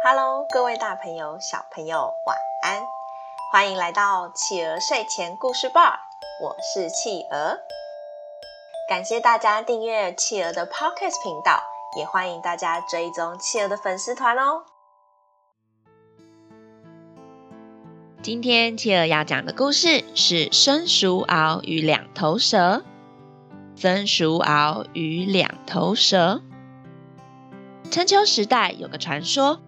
哈嘍各位大朋友、小朋友，晚安！歡迎來到企鵝睡前故事吧，我是企鵝。感謝大家訂閱企鵝的 Podcast 頻道，也歡迎大家追蹤企鵝的粉絲團哦。今天企鵝要講的故事是《孫叔敖與兩頭蛇》。孫叔敖與兩頭蛇，春秋時代有個傳說。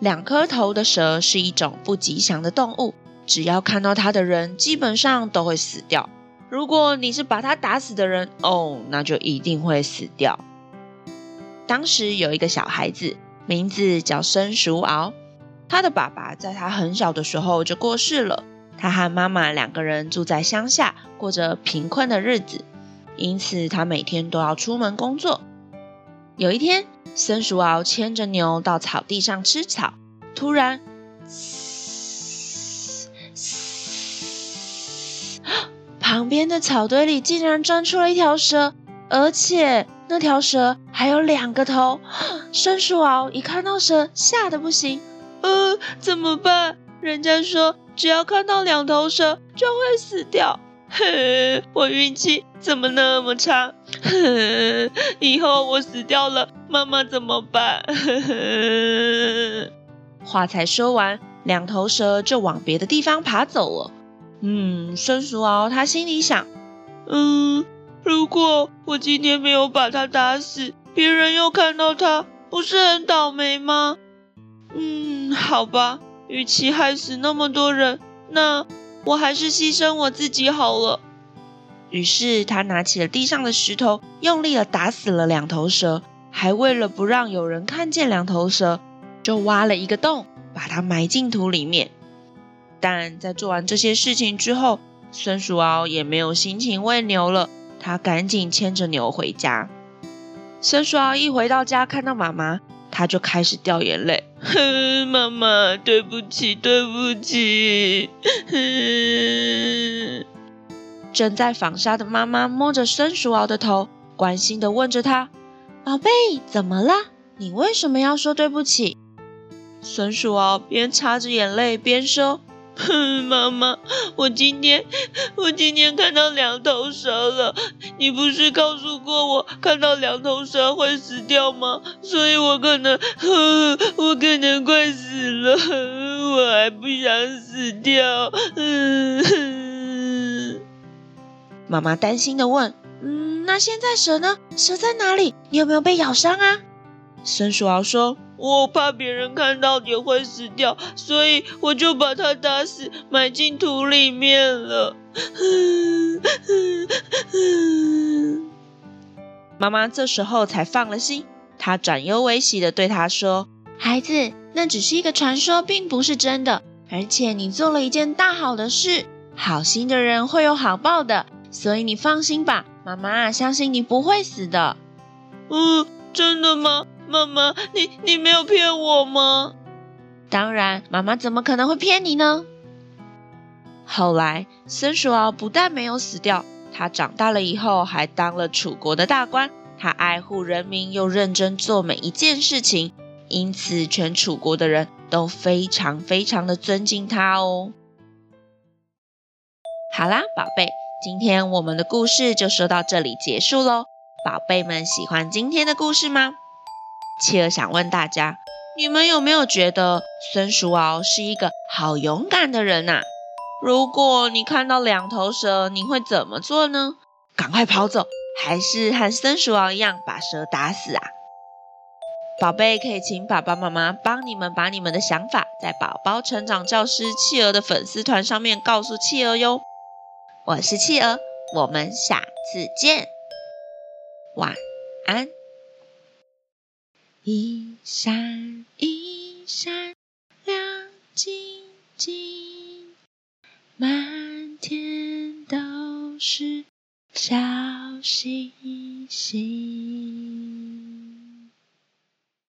兩顆頭的蛇是一種不吉祥的動物，只要看到它的人基本上都會死掉。如果你是把它打死的人，哦，那就一定會死掉。當時有一個小孩子，名字叫孫叔敖，他的爸爸在他很小的時候就過世了，他和媽媽兩個人住在鄉下，過着貧困的日子，因此他每天都要出門工作。有一天，孫叔敖牽着牛到草地上吃草，突然，嘶嘶嘶，旁邊的草堆裡竟然鑽出了一條蛇，而且那條蛇還有兩個頭。孫叔敖一看到蛇，嚇得不行，呃，怎麼辦？人家說只要看到兩頭蛇就會死掉。嘿，我運氣怎麼那麼差？呵， 以後我死掉了，媽媽怎麼辦？呵呵。話才說完，兩頭蛇就往別的地方爬走了。嗯，孫叔敖他心裡想，嗯，如果我今天沒有把他打死，別人又看到他，不是很倒霉嗎？嗯，好吧，與其害死那麼多人，那我還是犧牲我自己好了。於是他拿起了地上的石頭，用力地打死了兩頭蛇，還為了不讓有人看見兩頭蛇，就挖了一個洞，把它埋進土裡面。但在做完這些事情之後，孫叔敖也沒有心情餵牛了，他趕緊牽着牛回家。孫叔敖一回到家，看到媽媽，他就開始掉眼淚：“哼，媽媽，對不起，對不起。哼”正在紡紗的媽媽摸着孫叔敖的頭，關心地問着他：“寶貝，怎麼了？你為什麼要說對不起？”孫叔敖邊擦着眼淚邊說：“哼，媽媽，我今天，我今天看到兩頭蛇了。你不是告訴過我，看到兩頭蛇會死掉嗎？所以我可能，我可能快死了。我還不想死掉。”嗯。媽媽擔心的問：“嗯，那現在蛇呢？蛇在哪裡？你有沒有被咬傷啊？”孫叔敖說：“我怕別人看到也會死掉，所以我就把它打死，埋進土裡面了。 ”媽媽這時候才放了心，她轉憂為喜的對他說：“孩子，那只是一個傳說，並不是真的，而且你做了一件大好的事，好心的人會有好報的。”所以你放心吧，媽媽啊，相信你不會死的。嗯，真的嗎？媽媽，你你沒有騙我嗎？當然，媽媽怎麼可能會騙你呢？後來，孫叔敖不但沒有死掉，他長大了以後還當了楚國的大官。他愛護人民，又認真做每一件事情，因此全楚國的人都非常非常的尊敬他哦。好啦，寶貝。今天我們的故事就說到這裡結束嘍，寶貝們喜歡今天的故事嗎？企鵝想問大家，你們有沒有覺得孫叔敖是一個好勇敢的人吶、啊？如果你看到兩頭蛇，你會怎麼做呢？趕快跑走，還是和孫叔敖一樣把蛇打死啊？寶貝可以請爸爸媽媽幫你們把你們的想法在寶寶成長教師企鵝的粉絲團上面告訴企鵝喲。我是企鵝，我們下次見，晚安。一閃一閃亮晶晶，滿天都是小星星。